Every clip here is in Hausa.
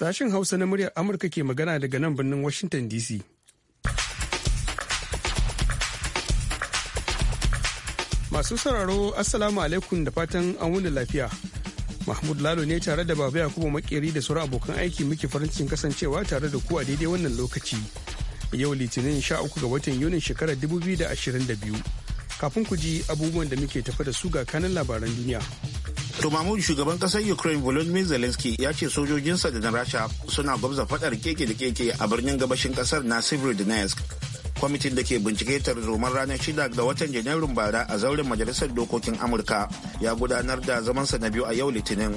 Sashen Hausa na muryar Amurka ke magana daga nan birnin Washington DC. Masu sauraro Assalamu alaikum da fatan an wuni lafiya. Mahmud Lalo ne tare da Baba Yakubu Makeri da sauran abokan aiki muke farin cikin kasancewa tare da ku a daidai wannan lokaci. Yau Litinin sha uku ga watan Yunin shekarar dubu da da ashirin biyu Kafin ku ji abubuwan da muke tafa da su ga kanan labaran duniya. mamun shugaban kasar Ukraine Volodymyr Zelensky ya ce sojojinsa da na Rasha suna gwabza fadar keke da keke a birnin gabashin kasar na Severodonetsk. Kwamitin da ke bincike tarzoman ranar shida ga watan Janairun bara a zauren Majalisar Dokokin Amurka ya gudanar da zamansa na biyu a yau Litinin.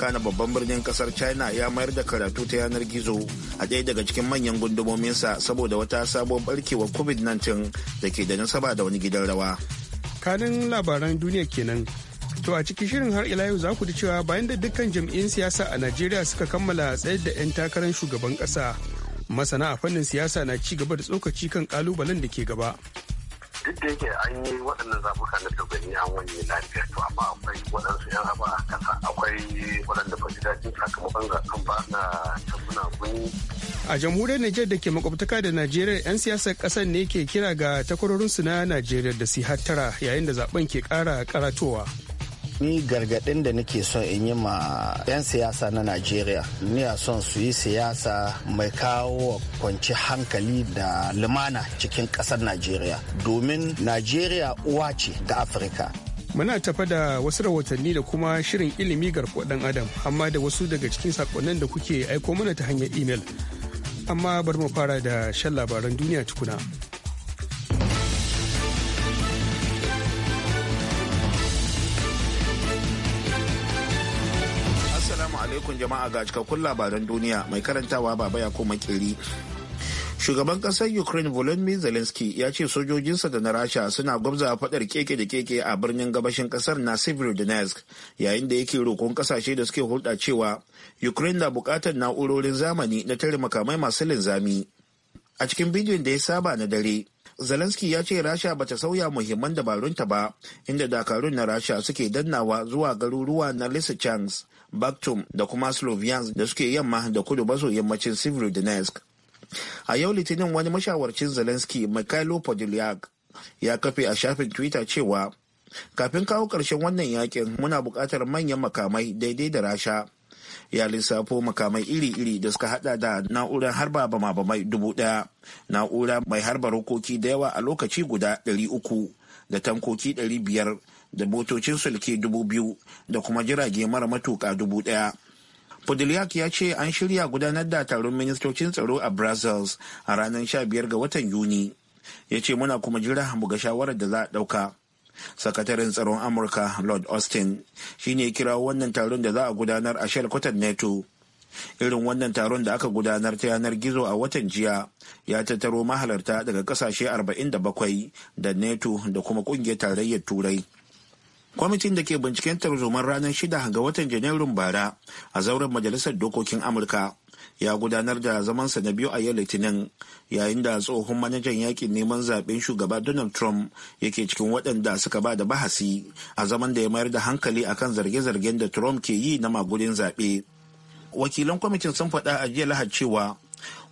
Kana babban birnin kasar China ya mayar da karatu ta yanar gizo a ɗaya daga cikin manyan gundumomin sa saboda wata sabon barkewar COVID-19 da ke da nasaba da wani gidan rawa. Kanin labaran duniya kenan To a cikin shirin har ila yau za ku ji cewa bayan da dukkan jam'iyyun siyasa a Najeriya suka kammala tsayar da 'yan takarar shugaban ƙasa. Masana a fannin siyasa na ci gaba da tsokaci kan kalubalen da ke gaba. Duk da yake an yi waɗannan zaɓuka na shugabanni an wani lafiya to amma akwai waɗansu 'yan haɓa a ƙasa akwai waɗanda ba su daɗin sakamakon zaɓen ba na tabbuna guni. A jamhuriyar Nijar da ke makwabtaka da Najeriya 'yan siyasar ƙasar ne ke kira ga takwarorinsu na Najeriya da su hattara yayin da zaben ke ƙara karatowa. ni gargaɗin da nake son in yi ma 'yan siyasa na najeriya ni a son su yi siyasa mai kawo kwanci hankali da lumana cikin ƙasar najeriya domin najeriya uwa ce ga afirka muna tafa da wasu rahotanni da kuma shirin ilimi garkuwa dan adam amma da wasu daga cikin sakonnin da kuke aiko mana ta hanyar imel amma bar mu fara da shan labaran duniya tukuna. alaikum jama'a ga cikakkun labaran duniya mai karantawa baba ya ko makeri Shugaban ƙasar Ukraine Volodymyr Zelensky ya ce sojojinsa da na Rasha suna gwabza faɗar keke da keke a birnin gabashin ƙasar na Severodonetsk yayin da yake roƙon ƙasashe da suke hulɗa cewa Ukraine na buƙatar na'urorin zamani na tare makamai masu linzami. A cikin bidiyon da ya saba na dare, Zelensky ya ce Rasha bata sauya muhimman dabarunta ba, inda dakarun na Rasha suke dannawa zuwa garuruwa na Lysychansk, Baktum da kuma Slovyansk da suke yamma da kudu maso yammacin Severodonetsk. A yau Litinin wani mashawarcin Zelensky Mikhailo Podolyak ya kafe a shafin Twitter cewa, kafin kawo ƙarshen wannan yakin muna buƙatar manyan makamai daidai da Rasha. ya lissafo makamai iri-iri da suka hada da na'urar harba bama-bamai dubu daya na'ura mai harba rokoki da yawa a lokaci guda ɗari uku da tankoki ɗari biyar da motocin sulke dubu biyu da kuma jirage mara matuka dubu daya Podiliak ya ce an shirya gudanar da taron ministocin tsaro a Brussels a ranar 15 ga watan Yuni. Ya ce muna kuma jira mu ga shawarar da za a ɗauka. sakataren tsaron amurka lord austin shine kira wannan taron da za a gudanar a shelkwatan neto irin wannan taron da aka gudanar ta yanar gizo a watan jiya ya tattaro mahalarta daga kasashe 47 da neto da kuma kungiyar tarayyar turai kwamitin da ke binciken tarzoman ranar shida ga watan janairun bara a zauren majalisar dokokin amurka ya gudanar da zamansa na biyu a yau litinin yayin da tsohon manajan yakin neman zaben shugaba donald trump yake cikin waɗanda suka ba da bahasi a zaman da ya mayar da hankali akan zarge-zargen da trump ke yi na magudin zaɓe wakilan kwamitin sun faɗa a jiya lahad cewa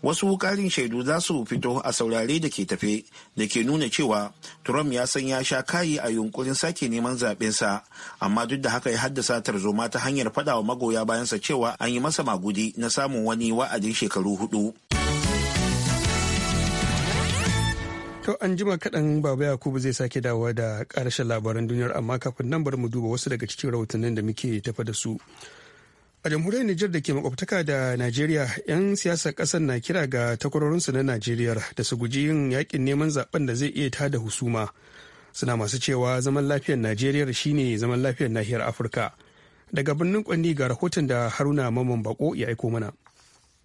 wasu ƙarin shaidu za su fito a saurare da ke tafe da ke nuna cewa trump ya san ya sha kayi a yunkurin sake neman sa amma duk da haka ya haddasa tarzoma ta hanyar fadawa magoya magoya bayansa cewa an yi masa magudi na samun wani wa'adin shekaru hudu To an jima kaɗan Baba Yakubu zai sake dawowa da ƙarashin labaran duniyar amma kafin nan bar mu duba wasu daga cikin rahotannin da muke tafa da su. a jamhuriyar Nijar da ke makwabtaka da Najeriya 'yan siyasar ƙasar na kira ga takwarorinsu na Najeriya da su guji yin yakin neman zaben da zai iya tada husuma suna masu cewa zaman lafiyar Najeriya shine zaman lafiyar nahiyar Afirka daga birnin kwanni ga rahoton da Haruna Maman Bako ya aiko mana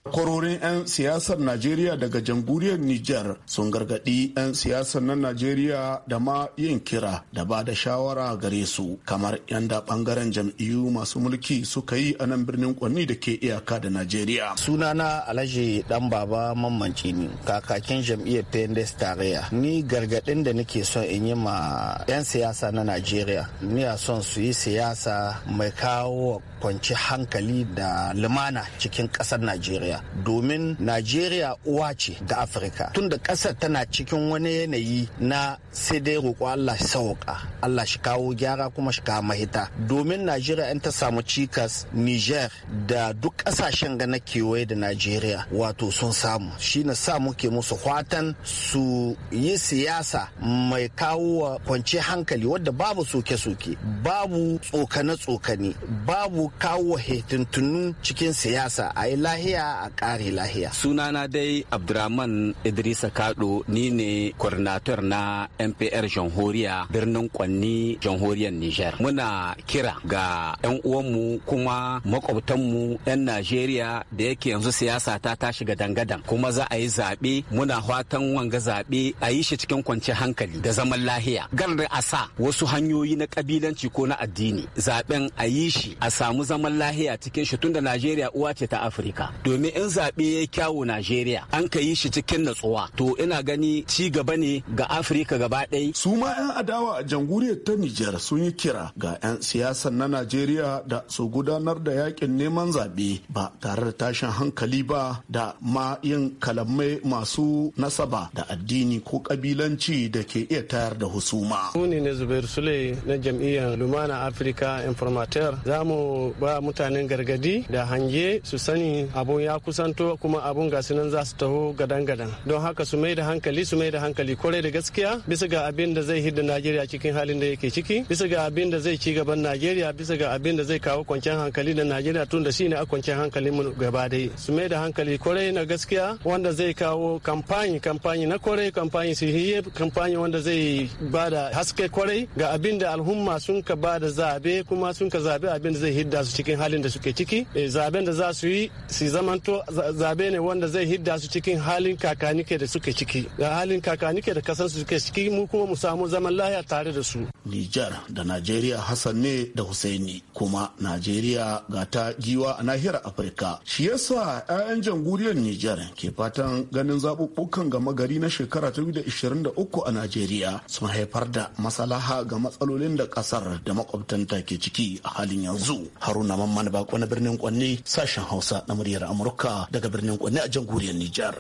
Kwarorin 'yan siyasar Najeriya daga jamhuriyar Nijar sun gargadi 'yan siyasar na Najeriya da ma yin kira da ba da shawara gare su kamar yadda bangaren jam'iyyu masu mulki suka yi a nan birnin Kwanni da ke iyaka da Najeriya. Sunana Alhaji Dan Baba Mammanci ni kakakin jam'iyyar pendes tarayya. Ni gargadin da nake son in yi ma 'yan siyasa na Najeriya. Ni a son su yi siyasa mai kawo kwanci hankali da lumana cikin ƙasar Najeriya. domin Najeriya uwa ce ga Afirka tun da ƙasar tana cikin wani yanayi na sai dai roƙo Allah sauka Allah shi kawo gyara kuma shi kawo mahita domin Najeriya in ta samu cikas Niger da duk ƙasashen ga na kewaye da Najeriya wato sun samu shi na sa muke musu fatan su yi siyasa mai kawo kwanci hankali wadda babu soke-soke babu tsokane-tsokane babu kawo hitintunu cikin siyasa a yi lahiya a kare lahiya sunana dai abdurrahman idrisa kado ni ne coordinator na mpr jamhuriya birnin kwanni jamhuriyar niger muna kira ga 'yan uwanmu kuma makwabtanmu 'yan najeriya da yake yanzu siyasa ta tashi shiga dangadan kuma za a yi zaɓe muna fatan wanga zaɓe a yi shi cikin kwanci hankali da zaman lahiya gar a sa wasu hanyoyi na kabilanci ko na addini zaɓen a yi shi a samu zaman lahiya cikin shi tunda najeriya uwa ce ta afirka domin gani in zaɓe ya kyawu Najeriya an ka yi shi cikin natsuwa to ina gani ci gaba ne ga Afirka gaba ɗaya. Su ma 'yan adawa a jamhuriyar ta Nijar sun yi kira ga 'yan siyasan na Najeriya da su gudanar da yakin neman zaɓe ba tare da tashin hankali ba da ma yin kalamai masu nasaba da addini ko kabilanci da ke iya tayar da husuma. Muni ne Zubair Sule na jam'iyyar Lumana Afirka Informateur za mu ba mutanen gargadi da hange su sani abun ya kusanto kuma abun ga nan za su taho gadan-gadan don haka su mai da hankali su mai da hankali kwarai da gaskiya bisa ga abin da zai hidda najeriya cikin halin da yake ciki bisa ga abin da zai ci gaban najeriya bisa ga abin da zai kawo kwanciyar hankali da najeriya tun da shine a kwanciyar hankali mu gaba dai su mai da hankali kwarai na gaskiya wanda zai kawo kampani kampani na kwarai kampani su hiye kamfani wanda zai ba da haske kwarai ga abin da al'umma sun ka ba da zabe kuma sun ka zabe abin da zai hidda su cikin halin da suke ciki eh, zaben da za su yi su zamanto zamanto zabe ne wanda zai hidda su cikin halin kakanike da suke ciki ga halin kakanike da kasansu suke ciki mu kuma mu samu zaman lahiya tare da su Nijar da Najeriya Hassan ne da Husaini kuma Najeriya ga ta giwa a nahiyar Afirka shi yasa 'ya'yan jamhuriyar Nijar ke fatan ganin zaɓuɓɓukan gama gari na shekara ta 2023 a Najeriya sun haifar da masalaha ga matsalolin da ƙasar da makwabtanta ke ciki a halin yanzu Haruna Mamman Bako na birnin Kwanne sashen Hausa na muryar Amurka Amurka daga birnin Kwanne a jamhuriyar Nijar.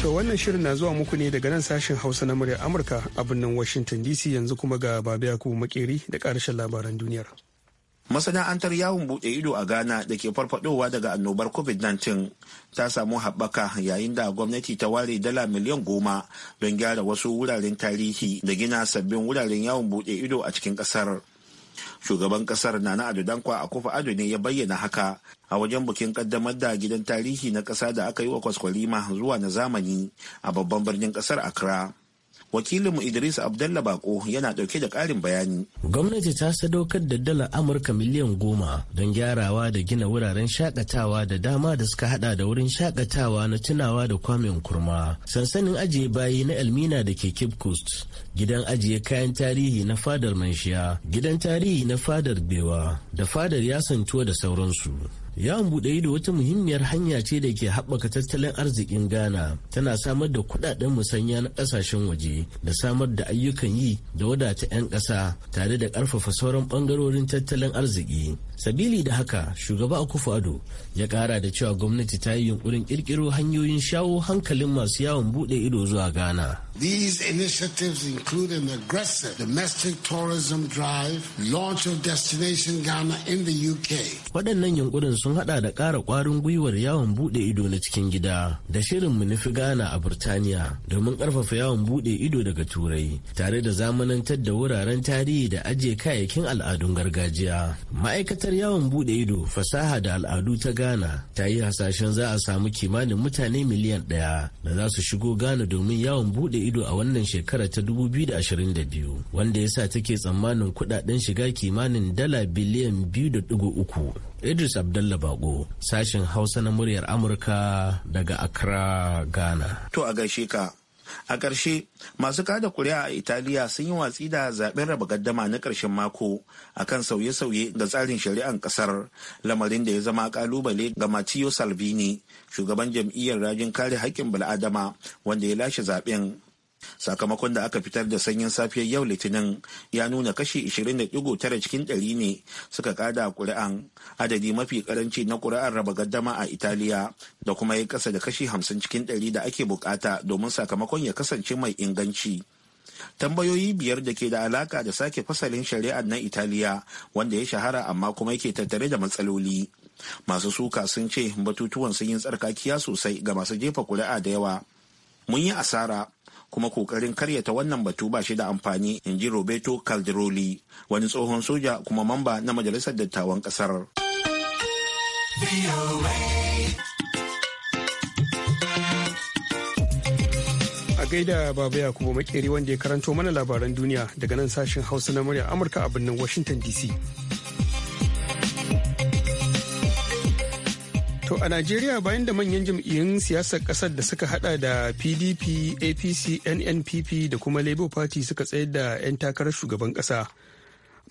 To wannan shirin na zuwa muku ne daga nan sashen Hausa na muryar Amurka a birnin Washington DC yanzu kuma ga Babiyaku Makeri da ƙarshen labaran duniyar. Masana'antar yawon buɗe ido a Ghana da ke farfadowa daga annobar COVID-19 ta samu haɓaka yayin da gwamnati ta ware dala miliyan goma don gyara wasu wuraren tarihi da gina sabbin wuraren yawon buɗe ido a cikin ƙasar. shugaban kasar nana ado dankwa a kofa ado ne ya bayyana haka a wajen bukin kaddamar da gidan tarihi na kasa da aka yi wa kwaskwalima zuwa na zamani a babban birnin kasar accra wakilinmu idris abdalla bako yana dauke da karin bayani gwamnati ta sadaukar da dalar amurka miliyan goma don gyarawa da gina wuraren shakatawa da dama da suka hada da wurin shakatawa na tunawa da kwame kurma sansanin ajiye bayi na elmina da ke cape coast gidan ajiye kayan tarihi na fadar manshiya gidan tarihi na fadar bewa da fadar ya yasantuwa da sauransu Yawon buɗe ido wata muhimmiyar hanya ce da ke haɓaka tattalin arzikin Ghana, tana samar da kuɗaɗen musanya na ƙasashen waje da samar da ayyukan yi da wadata 'yan ƙasa tare da ƙarfafa sauran ɓangarorin tattalin arziki. sabili da haka shugaba akufu ado ya kara da cewa gwamnati ta yi yunkurin kirkiro hanyoyin shawo hankalin masu yawon bude ido zuwa ghana These initiatives include an aggressive domestic tourism drive, launch of Destination Ghana in the UK. Waɗannan yunkurin sun hada da ƙara ƙwarin gwiwar yawon bude ido na cikin gida da shirin mu nufi Ghana a Burtaniya domin ƙarfafa yawon bude ido daga Turai tare da zamanantar da wuraren tarihi da ajiye kayayyakin al'adun gargajiya. Ma'aikatar Ma'aikatar yawon bude ido fasaha da al'adu ta Ghana ta yi hasashen za a samu kimanin mutane miliyan ɗaya da za su shigo Ghana domin yawon bude ido a wannan shekara ta 2022 wanda ya sa take tsammanin kudaden shiga kimanin dala biliyan 2.3. Idris Abdalla Bako sashen Hausa na muryar Amurka daga Accra, Ghana. To a gaishe ka a ƙarshe masu kada kuri'a a italiya sun yi watsi da zaɓen raba gaddama na ƙarshen mako a kan sauye-sauye ga tsarin shari'an ƙasar lamarin da ya zama ƙalubale ga matteo salvini shugaban jam'iyyar rajin kare haƙƙin bil'adama wanda ya lashe zaɓen. sakamakon da aka fitar da sanyin safiyar yau litinin ya nuna kashi 20.9 cikin ɗari ne suka kada kuri'an adadi mafi karanci na ƙuri'ar raba gaddama a italiya da kuma ya kasa da kashi 50 cikin ɗari da ake bukata domin sakamakon ya kasance mai inganci tambayoyi biyar da ke da alaka da sake fasalin shari'ar na italiya wanda ya shahara amma kuma yake tattare da matsaloli masu suka sun ce batutuwan sun yi tsarkakiya sosai ga masu jefa kuri'a da yawa mun yi asara kuma kokarin karyata wannan batu ba shi da amfani in ji roberto calderoli wani tsohon soja kuma mamba na majalisar dattawan kasar a gaida baba kuma makeri wanda ya karanto mana labaran duniya daga nan sashen hausa na murya amurka a birnin washington dc To a Najeriya bayan da manyan jam'iyyun siyasar kasar da suka hada da PDP, APC, NNPP da kuma Labour Party suka tsayar da 'yan takarar shugaban kasa.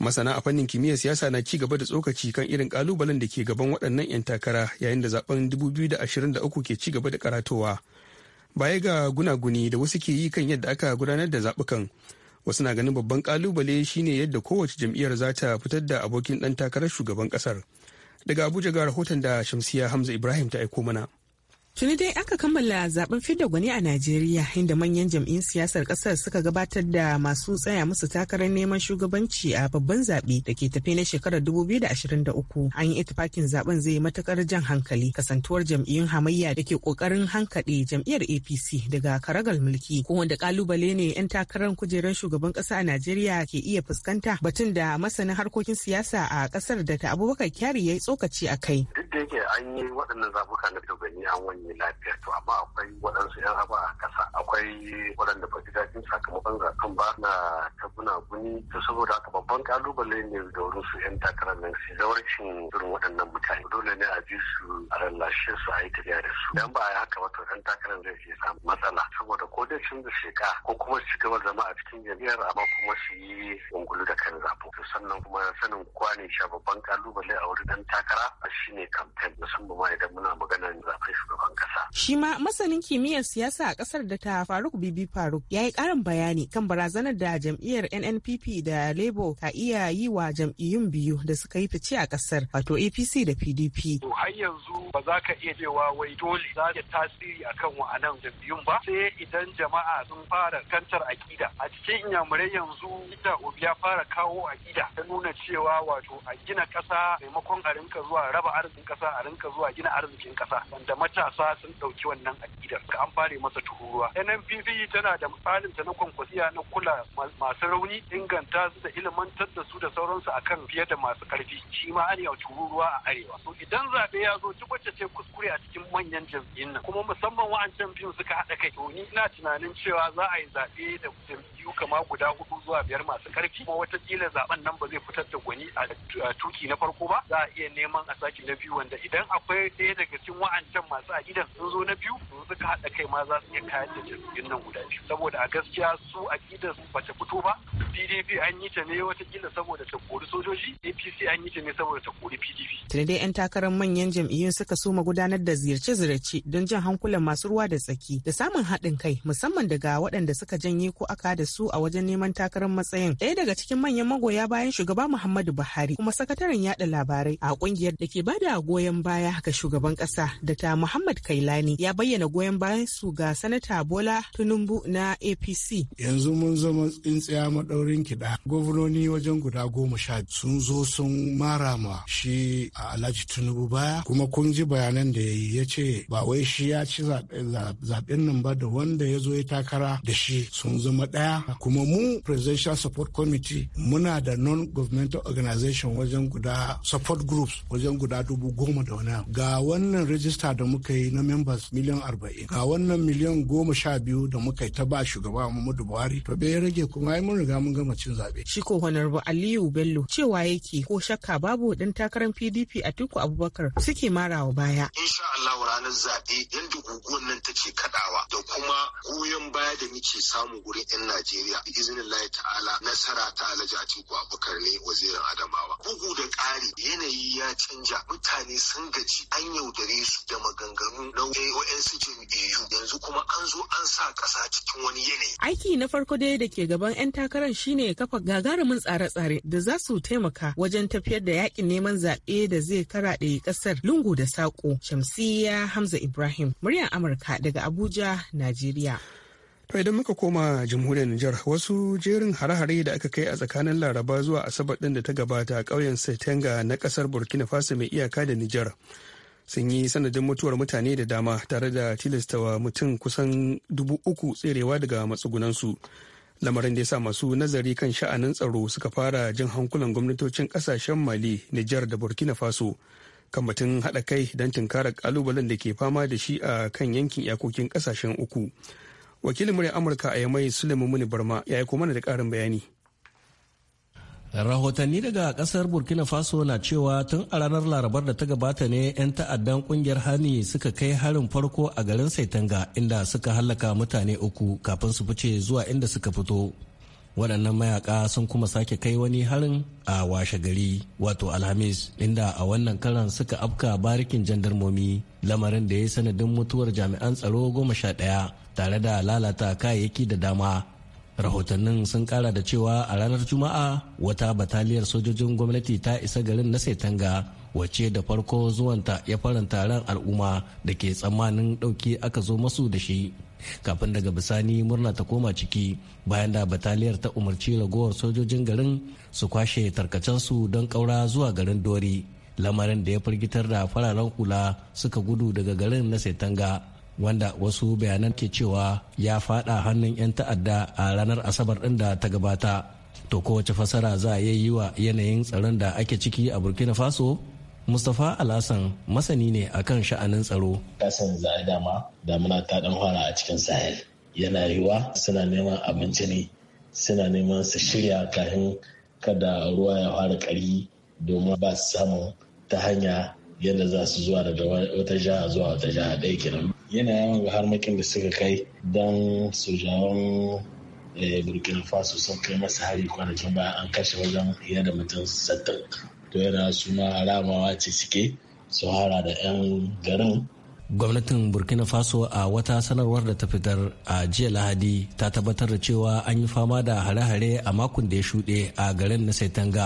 Masana a fannin kimiyyar siyasa na ci gaba da tsokaci kan irin kalubalen da ke gaban waɗannan 'yan takara yayin da zaben 2023 ke ci gaba da karatowa. Baya ga gunaguni da wasu ke yi kan yadda aka gudanar da zaɓukan. Wasu na ganin babban kalubale shine yadda kowace jam'iyyar za ta fitar da abokin ɗan takarar shugaban ƙasar. Daga Abuja ga rahoton da Shamsiya Hamza Ibrahim ta aiko mana. Tuni dai aka kammala zaben fidda gwani a Najeriya inda manyan jam'in siyasar ƙasar suka gabatar da masu tsaya musu takarar neman shugabanci a babban zaɓe da ke tafe na shekarar 2023. An yi itifakin zaben zai matukar jan hankali kasantuwar jam'iyyun hamayya da ke kokarin hankaɗe jam'iyyar APC daga karagal mulki ko wanda kalubale ne 'yan takarar kujerar shugaban ƙasa a Najeriya ke iya fuskanta batun da masanin harkokin siyasa a ƙasar da ta Abubakar Kyari ya yi tsokaci a kai. Duk da yake an yi waɗannan zaɓuka na shugabanni an wani lami lafiya to amma akwai waɗansu 'yan haba a kasa akwai waɗanda ba ji jin sakamakon zaɓen ba na tabuna guni to saboda haka babban kalubale ne da wurin su 'yan takarar nan su zawarcin irin waɗannan mutane dole ne a ji su a lallashe su a yi tafiya da su idan ba a yi haka ba to 'yan takarar zai iya samun matsala saboda ko dai canza sheka ko kuma su gaba zama a cikin jam'iyyar amma kuma su yi ungulu da kan zaɓo to sannan kuma sanin kwane sha babban kalubale a wurin 'yan takara shine kamfen musamman ma idan muna maganar zaɓen shugaban ƙasa. Shi ma masanin kimiyyar siyasa a ƙasar da ta Faruk Bibi Faruk ya yi ƙarin bayani kan barazanar da jam'iyyar NNPP da Labour ka iya yi wa jam'iyyun biyu da suka yi fice a ƙasar wato APC da PDP. To har yanzu ba za ka iya cewa wai dole za ta tasiri akan wa'anan jam'iyyun ba sai idan jama'a sun fara kantar akida a cikin inyamurai yanzu ita obi ya fara kawo akida ta nuna cewa wato a gina ƙasa maimakon a rinka zuwa raba arzikin ƙasa a rinka zuwa gina arzikin ƙasa wanda matasa ba sun ɗauki wannan aƙidar ka an fare masa tuhuruwa nnpp tana da misalin ta na kwankwasiya na kula masu rauni inganta su da ilimantar da su da sauransu akan fiye da masu ƙarfi shi ma an yau tuhuruwa a arewa to idan zaɓe ya zo duk wacce ce kuskure a cikin manyan jam'iyyun nan kuma musamman wa'ancan fim suka haɗa kai to ni ina tunanin cewa za a yi zaɓe da jam'iyyu kama guda hudu zuwa biyar masu ƙarfi kuma watakila zaɓen nan ba zai fitar da gwani a tuki na farko ba za a iya neman a sake na biyu wanda idan akwai ɗaya daga cikin wa'ancan masu aƙidar sun zo na biyu su suka haɗa kai ma za su iya kayan da jirgin nan guda biyu saboda a gaskiya su a ba ta fito ba pdp an yi ta ne watakila saboda ta kori sojoji apc an yi ta ne saboda ta kori pdp. tuni 'yan takarar manyan jam'iyyun suka soma gudanar da ziyarce-ziyarce don jan hankulan masu ruwa da tsaki da samun haɗin kai musamman daga waɗanda suka janye ko aka da su a wajen neman takarar matsayin ɗaya daga cikin manyan magoya bayan shugaba muhammadu buhari kuma sakataren yaɗa labarai a ƙungiyar da ke bada goyon baya ga shugaban ƙasa da ta muhammad Ahmad Kailani ya bayyana goyon bayan su ga Sanata Bola Tinubu na APC. Yanzu mun zama tsintsiya maɗaurin kiɗa. Gwamnoni wajen guda goma sha sun zo sun mara ma shi a Alhaji Tunubu baya kuma kun ji bayanan da ya yi ce ba wai shi ya ci zaɓen nan ba da wanda ya zo ya takara da shi sun zama ɗaya. Kuma mu Presidential Support Committee muna da non-governmental organization wajen guda support groups wajen guda dubu goma da wani. Ga wannan rajista da muka yi na members miliyan arba'in ga wannan miliyan goma sha biyu da muka ta ba shugaba muhammadu buhari to bai rage kuma ai mun riga mun gama cin zabe shi ko honorable aliyu bello cewa yake ko shakka babu dan takarar pdp a tuku abubakar suke marawa baya. insha allah ranar zaɓe yanda guguwar nan take kaɗawa da kuma goyon baya da muke samu wurin 'yan najeriya bi izinin ta'ala nasara ta alhaji tuku abubakar ne wazirin adamawa bugu da ƙari yanayi ya canja mutane sun gaji an yaudare su da maganganu samu yanzu kuma an zo an sa ƙasa cikin wani yanayi. Aiki na farko dai da ke gaban 'yan takarar shine kafa gagarumin tsare-tsare da za su taimaka wajen tafiyar da yakin neman zaɓe da zai karaɗe ƙasar lungu da saƙo. Shamsiyya Hamza Ibrahim, muryar Amurka daga Abuja, Najeriya. To idan muka koma jamhuriyar Nijar wasu jerin hare-hare da aka kai a tsakanin Laraba zuwa Asabar ɗin da ta gabata a ƙauyen Setenga na ƙasar Burkina Faso mai iyaka da Nijar sun yi sanadin mutuwar mutane da dama tare da tilastawa mutum kusan dubu uku tserewa daga matsugunansu lamarin da ya sa masu nazari kan sha'anin tsaro suka fara jin hankulan gwamnatocin kasashen mali nijar da burkina faso kan batun haɗa kai don tunkarar kalubalen da ke fama da shi a kan yankin iyakokin kasashen uku wakilin murya amurka a yamai suleiman muni barma ya yi mana da ƙarin bayani rahotanni daga kasar burkina faso na cewa tun a ranar larabar da ta gabata ne 'yan ta'addan kungiyar hani suka kai harin farko a garin saitanga inda suka hallaka mutane uku kafin su fice zuwa inda suka fito waɗannan mayaka sun kuma sake kai wani harin a washe gari wato alhamis inda a wannan karan suka afka barikin jandarmomi lamarin da ya yi sanadin mutuwar jami'an tsaro goma sha ɗaya tare da lalata kayayyaki da dama rahotannin sun kara da cewa a ranar juma'a wata bataliyar sojojin gwamnati ta isa garin na setanga wacce da farko zuwanta ya faranta ran al'umma da ke tsammanin ɗauki aka zo masu da shi kafin daga bisani murna ta koma ciki bayan da bataliyar ta umarci ragowar sojojin garin su kwashe tarkacensu don ƙaura zuwa garin dori lamarin da ya firgitar da fararen hula suka gudu daga garin na setanga wanda wasu bayanan ke cewa ya fada hannun 'yan ta'adda a ranar asabar ɗin da ta gabata to kowace fasara za a yi wa yanayin tsaron da ake ciki a burkina faso mustapha alhassan masani ne akan sha'anin tsaro kasan za a dama damuna ta dan fara a cikin sahel yana yiwa suna neman abinci ne suna neman su shirya kafin kada ruwa ya fara kari domin ba su samu ta hanya yadda za su zuwa daga wata jiha zuwa wata jiha ɗaya kenan yana yawan ga harmakin da suka kai don sojawan eh, burkina faso sun kai masa hari kwanakin bayan an kashe wajen fiye da mutum sattin to yana suna ramawa ce suke su hara da 'yan garin gwamnatin burkina faso a wata sanarwar da ta fitar a jiya lahadi ta tabbatar da cewa an yi fama da hare-hare a makon da ya shuɗe a garin na saitanga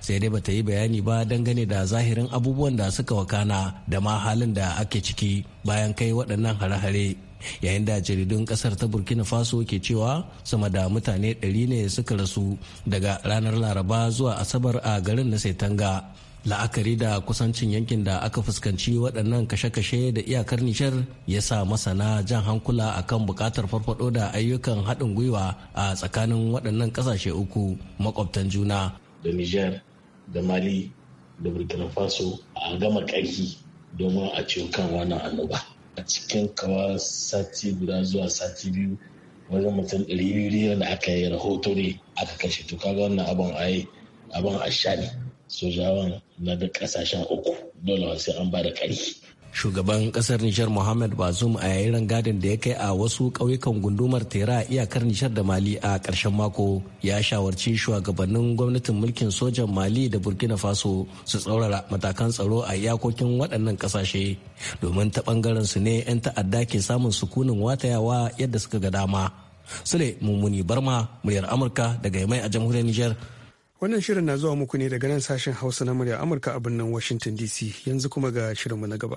sai dai bata yi bayani ba dangane da zahirin abubuwan da suka wakana da ma halin da ake ciki bayan kai waɗannan hare-hare yayin da jaridun ƙasar ta burkina faso ke cewa sama da mutane 100 ne suka rasu daga ranar laraba zuwa asabar a garin na setanga la'akari da kusancin yankin da aka fuskanci waɗannan kashe-kashe da iyakar nishar ya sa masana jan hankula akan buƙatar farfado da ayyukan haɗin gwiwa a tsakanin waɗannan ƙasashe uku makwabtan juna da niger da mali da burkina faso a gama ƙarfi domin a ciwo kan wannan annoba a cikin kawa sati guda zuwa sati biyu wajen mutum ɗari biyu da aka yi rahoto ne aka kashe to kaga wannan abin a abin a sha ne sojawan na da ƙasashen uku dole sai an ba da ƙarfi shugaban kasar nishar mohamed bazoum a yayin rangadin da ya kai a wasu kauyukan gundumar tera a iyakar nishar da mali a karshen mako ya shawarci shugabannin gwamnatin mulkin sojan mali da burkina faso su tsaurara matakan tsaro a iyakokin waɗannan ƙasashe domin ta ɓangaren su ne 'yan ta'adda ke samun sukunin watayawa yadda suka ga dama sule mummuni barma muryar amurka daga yamai a jamhuriyar nijar Wannan shirin na zuwa muku ne daga nan sashen Hausa na murya Amurka a birnin Washington DC yanzu kuma ga shirinmu na gaba.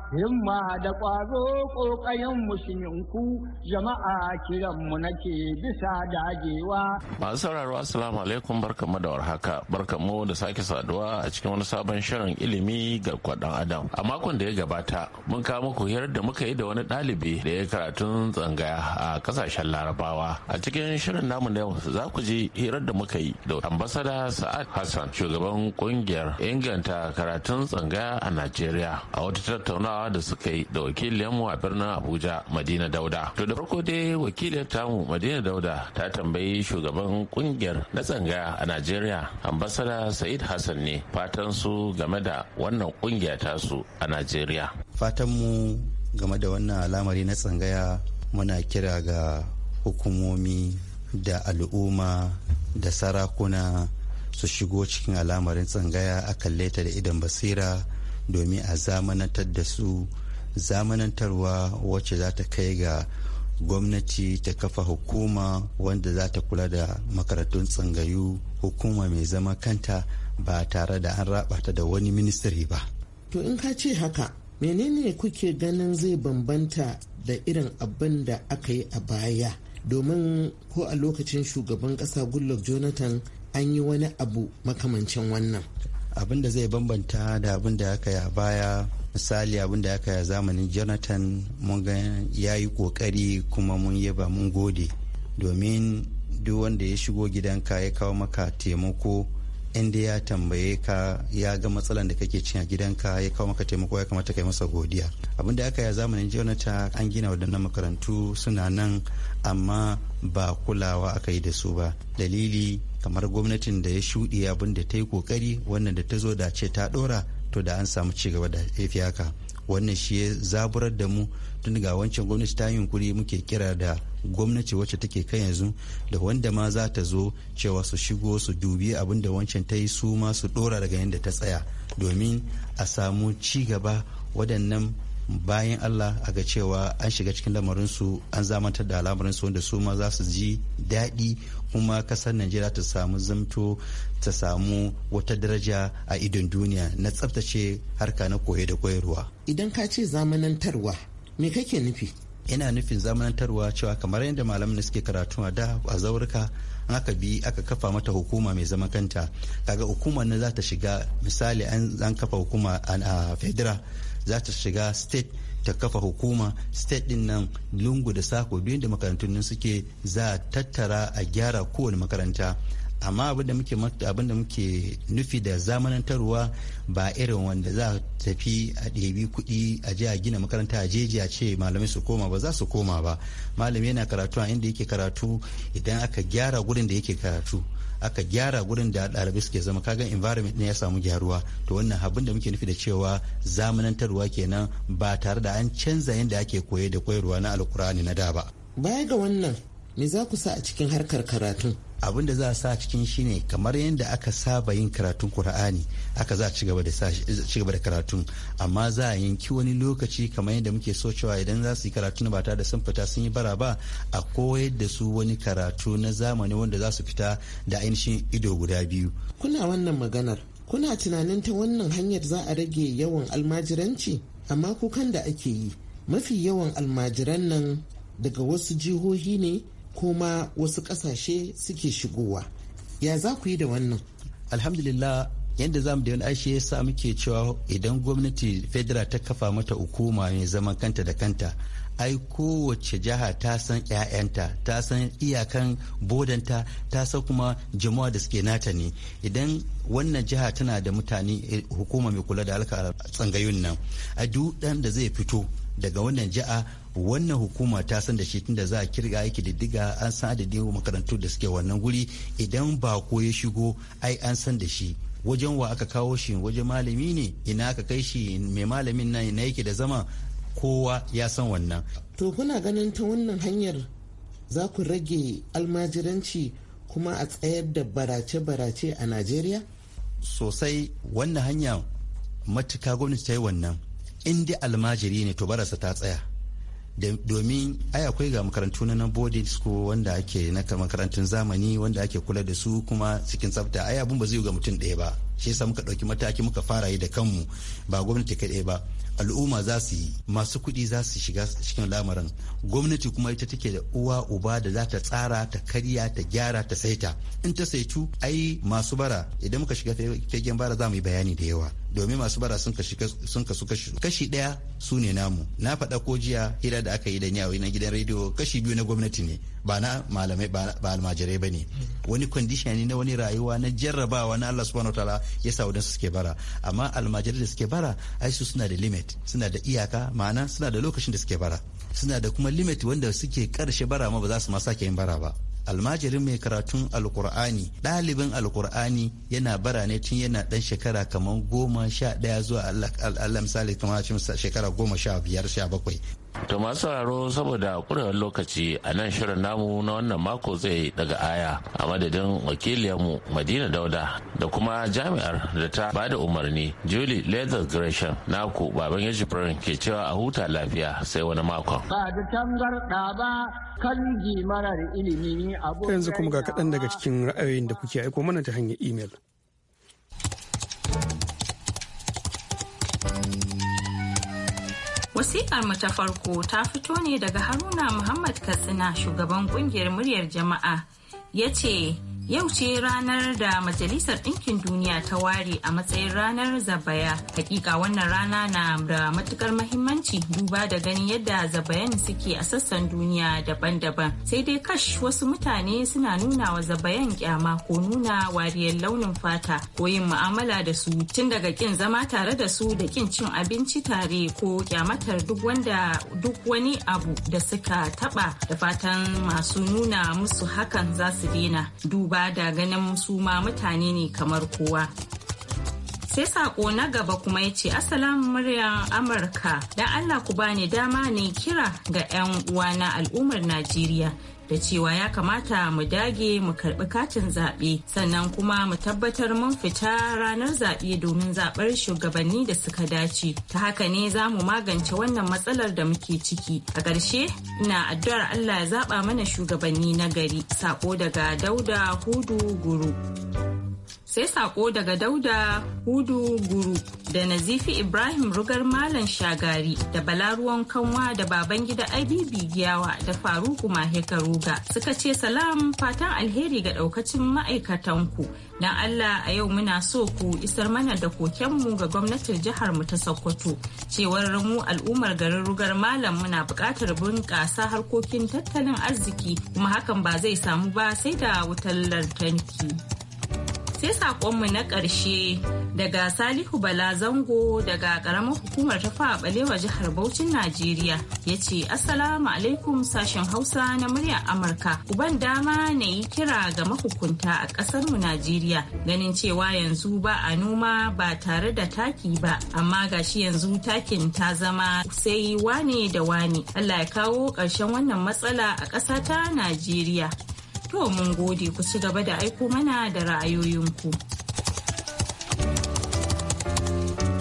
himma da ƙwazo ƙoƙayen musulminku jama'a kiranmu nake bisa dagewa. Masu sauraro Assalamu alaikum barkamu da warhaka barkamu da sake saduwa a cikin wani sabon shirin ilimi ga kwaɗan adam. A makon da ya gabata mun kawo muku hirar da muka yi da wani ɗalibi da ya karatun tsangaya a kasashen larabawa. A cikin shirin namu na yau za ku ji hirar da muka yi da ambasada Sa'ad Hassan shugaban ƙungiyar inganta karatun tsangaya a Najeriya a wata tattaunawa da suka yi da mu a birnin Abuja Madina Dauda. To da farko dai wakiliyar tamu Madina Dauda ta tambayi shugaban kungiyar na tsangaya a nigeria ambasada Said Hassan ne fatan su game da wannan kungiya su a nigeria. Fatan mu game da wannan al'amari na tsangaya muna kira ga hukumomi da al'umma da sarakuna su shigo cikin al'amarin tsangaya a kalle da idan basira domin a zamanantar da su zamanantarwa wacce za ta kai ga gwamnati ta kafa hukuma wanda za ta kula da makarantun tsangayu hukuma mai zama kanta ba tare da an rabata da wani ministry ba. To in ka ce haka menene kuke ganin zai bambanta da irin abin da aka yi a baya domin ko a lokacin shugaban kasa Goodluck Jonathan an yi wani abu makamancin wannan. abin da zai bambanta da abin da aka yi baya misali abin da aka yi zamanin jonathan mun ga ya yi kokari kuma mun yaba mun gode domin duk wanda ya shigo gidanka ya kawo maka taimako inda ya tambaye ka ya ga matsalar da kake cin a gidanka ya kawo maka taimako ya kamata kai masa godiya abin da aka yi a zamanin jonata an gina waɗannan makarantu suna nan amma ba kulawa aka yi da su ba dalili kamar gwamnatin da ya shuɗe abin da ta yi kokari wannan da ta zo da ce ta ɗora to da an samu ci gaba da yafi haka wannan shi ya zaburar da mu tun ga wancan gwamnati ta yi yunkuri muke kira da gwamnati wacce take kai yanzu da wanda ma za ta zo cewa su shigo su dubi abin da wancan ta yi su ma su dora daga yadda ta tsaya domin a samu ci gaba waɗannan bayan Allah a ga cewa an shiga cikin lamarin su an zamantar da lamarinsu wanda su ma za su ji daɗi kuma kasar Najeriya ta samu zamto ta samu wata daraja a idon duniya na tsaftace harka na koye da koyarwa. Idan ka ce zamanantarwa me kake nufi? ina nufin zamanantarwa cewa kamar yadda malamin da suke karatu a da a zaurika an aka bi aka kafa mata hukuma mai zaman kanta kaga hukumar na za ta shiga misali an kafa hukuma a federal za ta shiga state ta kafa hukuma state din nan lungu da sako biyu da makarantun nan suke za a tattara a gyara kowane makaranta amma abin da muke nufi da zamanantarwa ba irin wanda za tafi a ɗebi kuɗi a je a gina makaranta a jeji a ce malamai su koma ba za su koma ba malami yana karatu a inda yake karatu idan aka gyara gurin da yake karatu aka gyara gurin da ɗalibai suke zama kagan environment ne ya samu gyaruwa to wannan abin da muke nufi da cewa zamanantarwa kenan ba tare da an canza yadda ake koye da koyarwa na alkurani na da ba baya ga wannan me za ku sa a cikin harkar karatun abin da za a sa cikin shine kamar yadda aka saba yin karatun kur'ani aka za a ci gaba da karatun amma za a yanki wani lokaci kamar yadda muke so cewa idan za su yi karatun ba tare da sun fita sun yi bara ba a koyar da su wani karatu na zamani wanda za su fita da ainihin ido guda biyu kuna wannan maganar kuna tunanin ta wannan hanyar za a rage yawan almajiranci amma kukan da ake yi mafi yawan almajiran nan daga wasu jihohi ne kuma wasu ƙasashe suke shigowa ya za ku yi da wannan alhamdulillah yadda za mu da wani ashe yasa muke cewa idan gwamnati federal ta kafa mata hukuma mai zaman kanta da kanta ai kowace jiha ta san 'ya'yanta ta san iyakan bodanta ta san kuma jama'a da suke nata ne idan wannan jiha tana da mutane eh, hukuma mai kula da alka tsangayun nan a duk da zai fito daga wannan jiha wannan hukuma ta san da shi tunda za a kirga yake diddiga an san adadin makarantu da suke wannan guri idan ba ko ya shigo ai an san da shi wajen wa aka kawo shi wajen malami ne ina aka kai shi mai malamin na ina yake da zama kowa ya san wannan to kuna ganin ta wannan hanyar za ku rage almajiranci kuma a tsayar da barace-barace a najeriya sosai wannan hanya matuka gwamnati ta yi wannan in dai almajiri ne to barasa ta tsaya domin ai akwai ga makarantu na boarding school wanda ake na makarantun zamani wanda ake kula da su kuma cikin tsafta ai abun ba zai ga mutum ɗaya ba shi yasa muka ɗauki mataki muka fara yi da kanmu ba gwamnati kaɗai ba al'umma za su yi masu kuɗi za su shiga cikin lamarin gwamnati kuma ita take da uwa uba da za ta tsara ta karya ta gyara ta saita in ta saitu ai masu bara idan muka shiga fagen bara za mu yi bayani da yawa domin masu bara sun kasu kashi kashi daya su ne namu na faɗa ko jiya hira da aka yi da a na gidan rediyo kashi biyu na gwamnati ne ba na malamai ba almajirai ba ne wani kwandisha ne na wani rayuwa na jarrabawa na Allah subhanahu wataala ya sa wadansu suke bara amma almajirai da suke bara ai su suna da limit suna da iyaka ma'ana suna da lokacin da suke bara suna da kuma limit wanda suke karshe bara ma ba za su ma sake yin bara ba almajirin mai karatun alkur'ani ɗalibin alkur'ani yana bara ne tun yana ɗan shekara kamar goma sha ɗaya zuwa allah kamar shekara goma sha biyar sha bakwai To masu sauraro saboda kurewar lokaci a nan shirin namu na wannan mako zai daga aya a madadin wakiliyarmu Madina Dauda da kuma jami'ar da ta ba da umarni Julie Leather Gresham naku ku baban yaji ke cewa a huta lafiya sai wani mako. Ba da tangarɗa ba kan marar ilimi abu. Yanzu kuma ga kaɗan daga cikin ra'ayoyin da kuke aiko mana ta hanyar imel. Wasikar mu ta farko ta fito ne daga Haruna Muhammad Katsina shugaban kungiyar muryar jama'a ya ce Yau ce ranar da Majalisar Ɗinkin Duniya ta ware a matsayin ranar zabaya. Hakika wannan rana na da matukar mahimmanci duba da ganin yadda zabayan suke a sassan duniya daban-daban. Sai dai kash wasu mutane suna nuna wa zabayan kyama ko nuna wariyar launin fata ko yin mu'amala da su tun daga kin zama tare da su da kin cin abinci tare ko kyamatar duk wanda duk wani abu da suka taba da fatan masu nuna musu hakan za su daina duba ibada ganin su ma mutane ne kamar kowa sai saƙo na gaba kuma ya ce Asalamu muryar amurka don allah ku bani dama ne kira ga 'yan uwa na al'ummar najeriya da cewa ya kamata mu dage mu karbi katin zaɓe sannan kuma mu tabbatar mun fita ranar zaɓe domin zaɓar shugabanni da suka dace ta haka ne za mu magance wannan matsalar da muke ciki a ƙarshe ina addu'ar Allah ya zaɓa mana shugabanni na gari sako daga dauda hudu guru. sai sako daga dauda hudu guru da nazifi ibrahim rugar malam shagari da balaruwan kanwa da baban gida abibi giyawa da faruku maheka ruga suka ce salam fatan alheri ga daukacin ma'aikatanku don allah a yau muna so ku isar mana da kokenmu ga gwamnatin jihar mu ta sokoto cewar mu al'ummar garin rugar malam muna buƙatar bunƙasa harkokin tattalin arziki kuma hakan ba zai samu ba sai da wutar lantarki sai saƙonmu na ƙarshe daga salihu bala zango daga ƙaramar hukumar ta fa balewa jihar Bauchin Najeriya ya ce Assalamu alaikum sashen Hausa na muryar Amurka. Uban dama na yi kira ga mahukunta a ƙasarmu Najeriya ganin cewa yanzu ba a noma ba tare da taki ba amma gashi yanzu takin ta zama sai wane da wane. Allah ya kawo ƙarshen wannan matsala a ƙasa ta Najeriya. To mun gode ku ci gaba da aiko mana da ra'ayoyinku.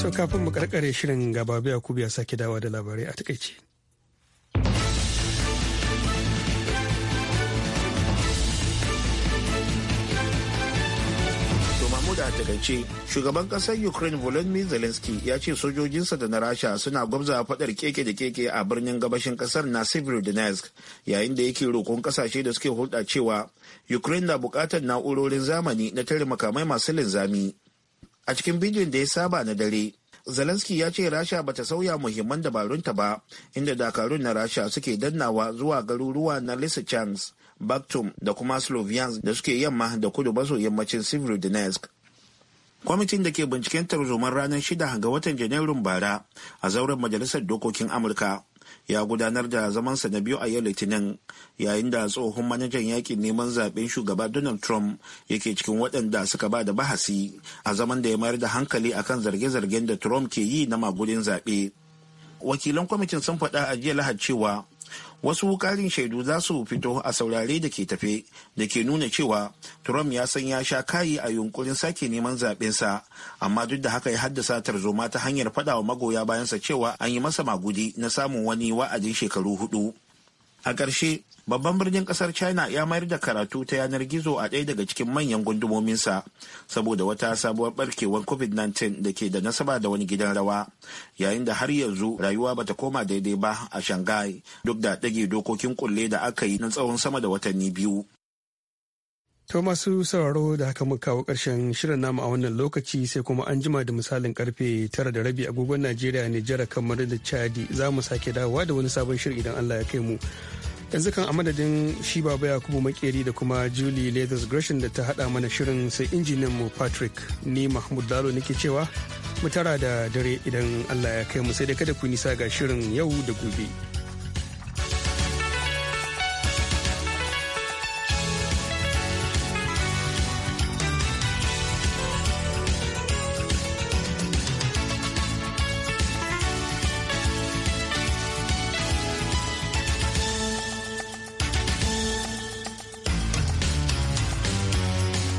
To kafin mu karkare shirin gaba biya ku biya sake dawa da labarai a takaice. a takaice shugaban kasar ukraine volodymyr zelensky ya ce sojojinsa da na rasha suna gwabza fadar keke da keke a birnin gabashin kasar na donetsk yayin da yake roƙon kasashe da suke hulɗa cewa ukraine na buƙatar na'urorin zamani na tare makamai masu linzami a cikin bidiyon da ya saba na dare Zelensky ya ce Rasha bata sauya muhimman dabarunta ba, inda dakarun na Rasha suke dannawa zuwa garuruwa na Lysychansk, Baktum da kuma Sloviansk da suke yamma da kudu maso yammacin donetsk kwamitin da ke binciken tarzoman ranar 6 ga watan janairun bara a zauren majalisar dokokin amurka ya gudanar da zamansa na biyu a yau litinin yayin da tsohon manajan yakin neman zaben shugaba donald trump yake cikin waɗanda suka ba da bahasi a zaman da ya mayar da hankali akan zarge-zargen da trump ke yi na magudin zaɓe wakilan kwamitin sun faɗa a jiya lahad cewa wasu karin shaidu za su fito a saurare da ke tafe da ke nuna cewa trump ya san ya sha kayi a yunkurin sake neman sa amma duk da haka ya haddasa tarzoma ta hanyar faɗawa magoya bayansa cewa an yi masa magudi na samun wani wa'adin shekaru hudu a ƙarshe babban birnin ƙasar china ya mayar da karatu ta yanar gizo a ɗaya daga cikin manyan gundumominsa saboda wata sabuwar ɓarkewar covid-19 da ke da nasaba da wani gidan rawa yayin da har yanzu rayuwa bata koma daidai ba a shanghai duk da ɗage dokokin kulle da aka yi na tsawon sama da watanni biyu To masu sauraro da haka muka kawo karshen shirin namu a wannan lokaci sai kuma an jima da misalin karfe tara da rabi agogon Najeriya Nijar kamar da Chadi za mu sake dawowa da wani sabon shirin idan Allah ya kai mu. Yanzu kan a madadin shi baba Yakubu Makeri da kuma Julie Leathers Gresham da ta hada mana shirin sai injiniyan mu Patrick ni Mahmud Lalo nake cewa mu tara da dare idan Allah ya kai mu sai da kada ku nisa ga shirin yau da gobe.